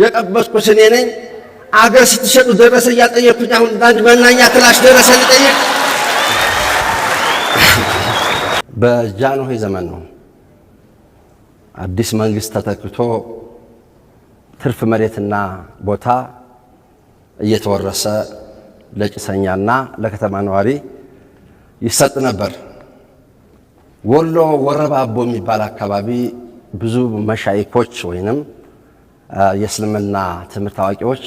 የቀበስኩት ስኔ ነኝ። አገር ስትሸጡ ደረሰ እያልጠየቅኩኝ አሁን በአንድ መናኛ ክላሽ ደረሰ ልጠየቅ። በጃንሆይ ዘመን ነው አዲስ መንግስት ተተክቶ ትርፍ መሬትና ቦታ እየተወረሰ ለጭሰኛና ለከተማ ነዋሪ ይሰጥ ነበር። ወሎ ወረባቦ የሚባል አካባቢ ብዙ መሻይኮች ወይንም የእስልምና ትምህርት አዋቂዎች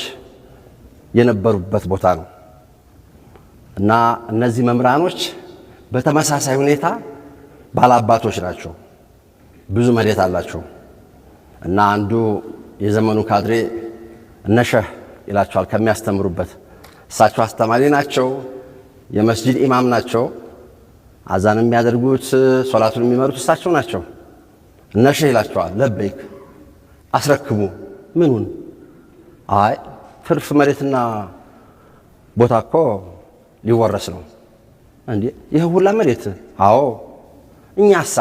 የነበሩበት ቦታ ነው እና እነዚህ መምህራኖች በተመሳሳይ ሁኔታ ባላባቶች ናቸው። ብዙ መሬት አላቸው እና አንዱ የዘመኑ ካድሬ እነሸህ ይላቸዋል ከሚያስተምሩበት እሳቸው አስተማሪ ናቸው። የመስጂድ ኢማም ናቸው። አዛን የሚያደርጉት ሶላቱን የሚመሩት እሳቸው ናቸው። እነሸህ ይላቸዋል ለበይክ አስረክቡ ምኑን? አይ ትርፍ መሬትና ቦታ እኮ ሊወረስ ነው እንዴ? ይህ ሁላ መሬት? አዎ። እኛሳ?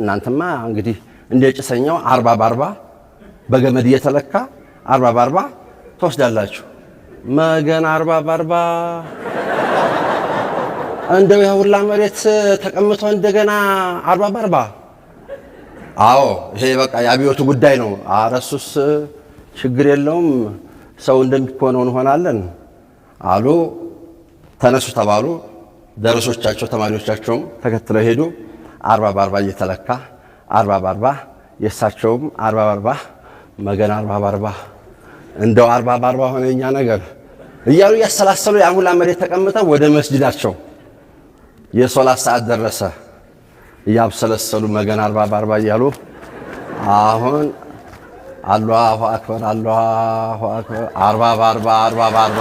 እናንተማ እንግዲህ እንደ ጭሰኛው አርባ በአርባ በገመድ እየተለካ አርባ በአርባ ትወስዳላችሁ። መገን አርባ በአርባ እንደው ይህ ሁላ መሬት ተቀምጦ እንደገና አርባ በአርባ? አዎ። ይሄ በቃ የአብዮቱ ጉዳይ ነው። አረሱስ ችግር የለውም ሰው እንደሚኮነው እንሆናለን አሉ። ተነሱ ተባሉ። ደረሶቻቸው ተማሪዎቻቸውም ተከትለው ሄዱ። አርባ በአርባ እየተለካ አርባ በአርባ የእሳቸውም አርባ በአርባ መገን አርባ በአርባ እንደው አርባ በአርባ ሆነ የኛ ነገር እያሉ እያሰላሰሉ ያን ሁላ መሬት ተቀምጠው ወደ መስጅዳቸው የሶላት ሰዓት ደረሰ። እያብሰለሰሉ መገን አርባ በአርባ እያሉ አሁን አላሁ አክበር አላሁ አክበር አርባ በአርባ አርባ በአርባ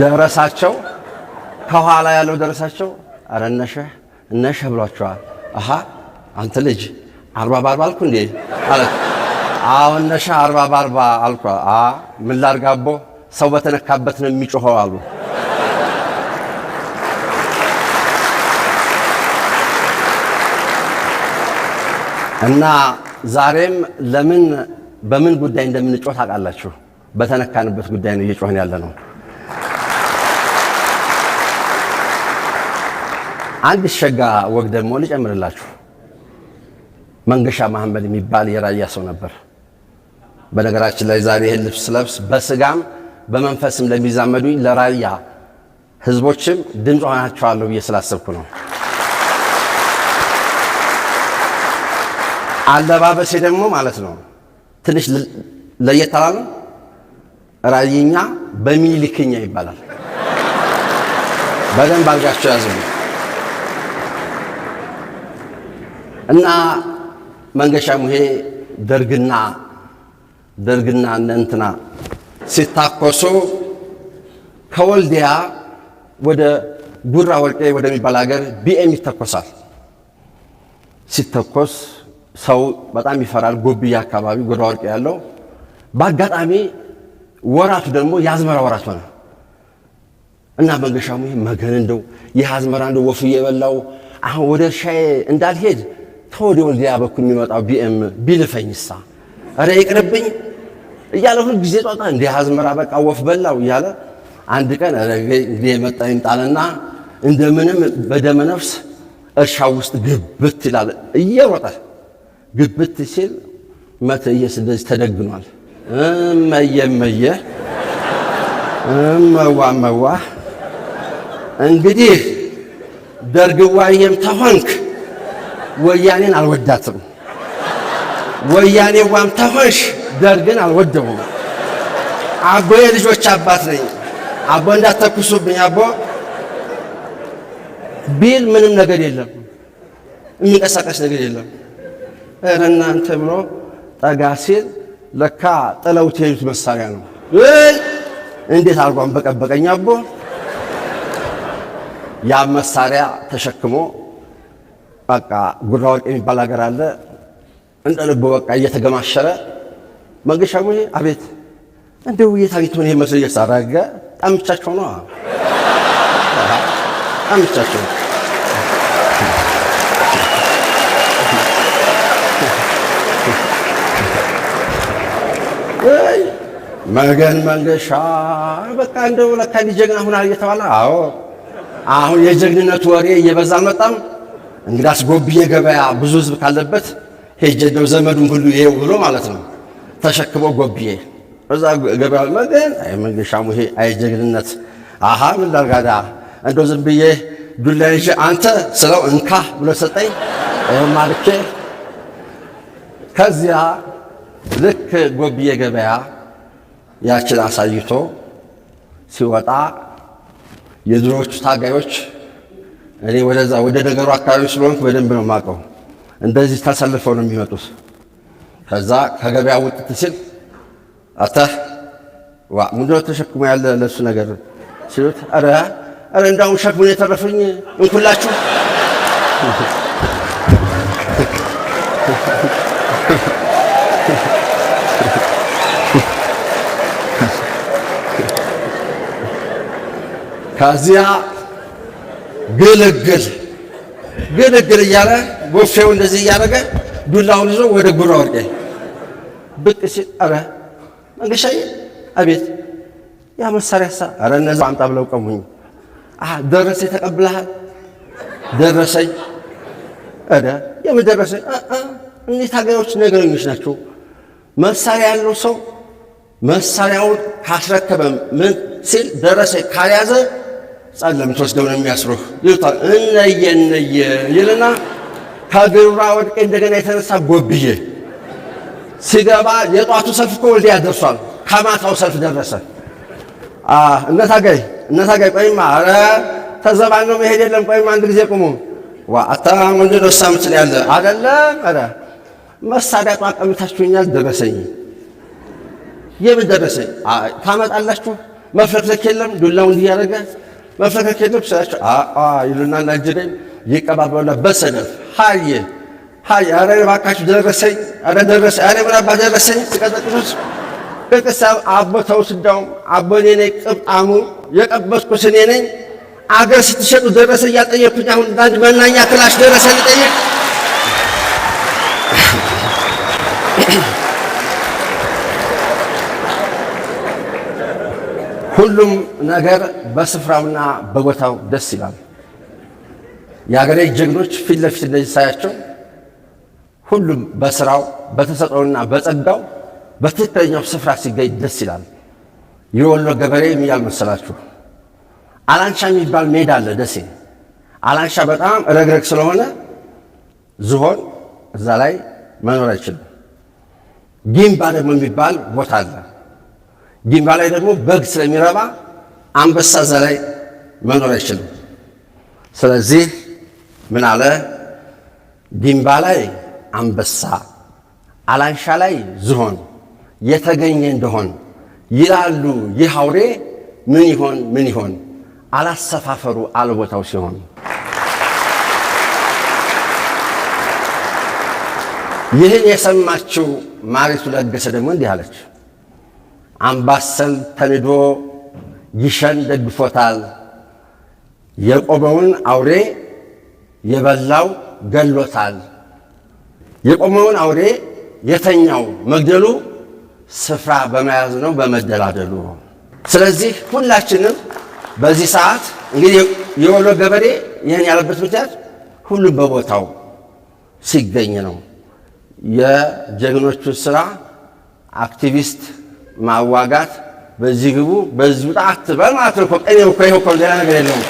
ደረሳቸው። ከኋላ ያለው ደረሳቸው። አረ እነሸህ እነሸህ ብሏቸዋል። አሃ አንተ ልጅ አርባ በአርባ አልኩ እንዴ አለት። አዎ እነሸህ አርባ በአርባ አልኩ። ምን ላድርግ አቦ ሰው በተነካበት ነው የሚጮኸው አሉ። እና ዛሬም ለምን በምን ጉዳይ እንደምንጮህ ታውቃላችሁ። በተነካንበት ጉዳይ ነው እየጮህን ያለ ነው። አንድ ሸጋ ወግ ደግሞ ልጨምርላችሁ። መንገሻ መሐመድ የሚባል የራያ ሰው ነበር። በነገራችን ላይ ዛሬ ይህን ልብስ ለብስ በስጋም በመንፈስም ለሚዛመዱኝ ለራያ ህዝቦችም ድምፅ ሆናቸዋለሁ ብዬ ስላሰብኩ ነው። አለባበሴ ደግሞ ማለት ነው ትንሽ ለየት አላለ። ራእየኛ በሚሊክኛ ይባላል። በደንብ አድርጋችሁ ያዙ እና መንገሻ ሙሄ ደርግና ደርግና እንትና ሲታኮሱ ከወልዲያ ወደ ጉራ ወልቄ ወደሚባል ሀገር ቢኤም ይተኮሳል። ሲተኮስ ሰው በጣም ይፈራል። ጎብያ አካባቢ ጎዳ ወርቅ ያለው በአጋጣሚ ወራቱ ደግሞ የአዝመራ ወራት ሆነ እና መንገሻሙ መገን እንደው ይህ አዝመራ እንደው ወፍ እየበላው አሁን ወደ እርሻዬ እንዳልሄድ ተወዲ ወልዲያ በኩል የሚመጣው ቢኤም ቢልፈኝሳ ረ ይቅርብኝ እያለ ሁል ጊዜ ጧጣ እንዲ አዝመራ በቃ ወፍ በላው እያለ አንድ ቀን እንግዲህ የመጣ ይምጣልና እንደምንም በደመነፍስ እርሻ ውስጥ ግብት ይላል እየሮጠ ግብት ሲል መትየስ እንደዚህ ተደግኗል። መየ መየ መዋ መዋ እንግዲህ ደርግዋየም ተሆንክ ወያኔን አልወዳትም፣ ወያኔዋም ተሆንሽ ደርግን አልወደውም። አቦ የልጆች አባት ነኝ። አቦ እንዳትተኩሱብኝ አቦ ቢል ምንም ነገር የለም፣ የሚንቀሳቀስ ነገር የለም። እረ እናንተ ብሎ ጠጋ ሲል ለካ ጥለውት የሄዱት መሳሪያ ነው። እንዴት አርጓን በቀበቀኝ አቦ። ያ መሳሪያ ተሸክሞ በቃ ጉራ ወርቅ የሚባል ሀገር አለ። እንደ ልቡ በቃ እየተገማሸረ መንገሻ ሙሄ አቤት እንደው አቤት ምን ይመስል እየሳራገ ጣምቻቸው ነው ጣምቻቸው መገን መንገሻ በቃ እንደው ለካ ጀግና ሁናል እየተባለ አዎ፣ አሁን የጀግንነት ወሬ እየበዛ አልመጣም። እንግዳስ ጎብዬ ገበያ ብዙ ህዝብ ካለበት ሄጄ እንደው ዘመዱን ሁሉ ይሄው ብሎ ማለት ነው ተሸክሞ ጎብዬ ገበያ መገን አይ ጀግንነት ምን ላርጋዳ እንደው ዝም ብዬ ዱላ ይዤ አንተ ስለው እንካ ብሎ ሰጠኝ። ማልኬ ከዚያ ልክ ጎብዬ ገበያ ያችን አሳይቶ ሲወጣ የድሮዎቹ ታጋዮች እኔ ወደዛ ወደ ነገሩ አካባቢ ስለሆንኩ በደንብ ነው የማውቀው። እንደዚህ ተሰልፈው ነው የሚመጡት። ከዛ ከገበያ ውጥት ሲል አተ ዋ ምንድን ተሸክሞ ያለ ለሱ ነገር ሲሉት፣ ኧረ ኧረ እንዳሁም ሸክሙን የተረፈኝ እንኩላችሁ ከዚያ ግልግል ግልግል እያለ ወፌው እንደዚህ እያደረገ ዱላውን ይዞ ወደ ጉራ ወርቀ ብቅ ሲል አረ መንገሻዬ፣ አቤት ያ መሳሪያ ሳ አረ እነዛ አምጣ ብለው ቀሙኝ። ደረሰ ተቀብለሃል? ደረሰኝ እደ የምን ደረሰኝ? እኒህ ታጋዮች ነገረኞች ናቸው። መሳሪያ ያለው ሰው መሳሪያውን ካስረከበ ምን ሲል ደረሰኝ ካልያዘ ጸለም ተወስደው ነው የሚያስሩህ ይሉታል። እነየ እነየ ይልና ከግብራ ወድቄ እንደገና የተነሳ ጎብዬ ሲገባ የጧቱ ሰልፍ እኮ ወልዲያ ደርሷል። ከማታው ሰልፍ ደረሰ። እነታጋይ እነታጋይ ቆይማ፣ ኧረ ተዘባን ነው መሄድ የለም ቆይማ፣ አንድ ጊዜ ቁሙ። ዋ አታም ወንድ ደሳ ምትል ያለ አደለም። ኧረ መሳሪያ ጧት ቀምታችሁኛል። ደረሰኝ የምን ደረሰኝ ታመጣላችሁ? መፍለክለክ የለም ዱላው እንዲያደርገ መፈካከት ስላቸው ይሉና ናጀደኝ ይቀባበሉና በሰነፍ ሀይ ሀይ አረ እባካችሁ ደረሰኝ፣ አረ ደረሰኝ፣ አረ ምናባ ደረሰኝ ሲቀጠቅሱት ቤተሰብ አቦ ተውስ፣ እንዳውም አቦ እኔ ነኝ ቅብጣሙ የቀበስኩት እኔ ነኝ። አገር ስትሸጡ ደረሰኝ እያልጠየኩኝ አሁን አንድ መናኛ ክላሽ ደረሰኝ ልጠይቅ ሁሉም ነገር በስፍራውና በቦታው ደስ ይላል። የአገሬ ጀግኖች ፊት ለፊት እንደዚህ ሳያቸው ሁሉም በስራው በተሰጠውና በጸጋው በትክክለኛው ስፍራ ሲገኝ ደስ ይላል። የወሎ ገበሬ የሚያል መሰላችሁ? አላንሻ የሚባል ሜዳ አለ ደሴ። አላንሻ በጣም ረግረግ ስለሆነ ዝሆን እዛ ላይ መኖር አይችልም። ጊምባ ደግሞ የሚባል ቦታ አለ። ጊንባ ላይ ደግሞ በግ ስለሚረባ አንበሳ እዛ ላይ መኖር አይችልም። ስለዚህ ምን አለ? ጊንባ ላይ አንበሳ፣ አላንሻ ላይ ዝሆን የተገኘ እንደሆን ይላሉ። ይህ አውሬ ምን ይሆን ምን ይሆን አላሰፋፈሩ አልቦታው ሲሆን ይህን የሰማችው ማሪቱ ለገሰ ደግሞ እንዲህ አለች። አምባሰል ተንዶ ይሸን ደግፎታል። የቆመውን አውሬ የበላው ገሎታል። የቆመውን አውሬ የተኛው መግደሉ ስፍራ በመያዝ ነው በመደላደሉ። ስለዚህ ሁላችንም በዚህ ሰዓት እንግዲህ የወሎ ገበሬ ይህን ያለበት ምክንያት ሁሉም በቦታው ሲገኝ ነው። የጀግኖቹ ስራ አክቲቪስት ማዋጋት በዚህ ግቡ በዚህ ውጣ አትበል ማለት ነው። ቀኔ እኮ ይኸው እኮ ሌላ ነገር የለውም።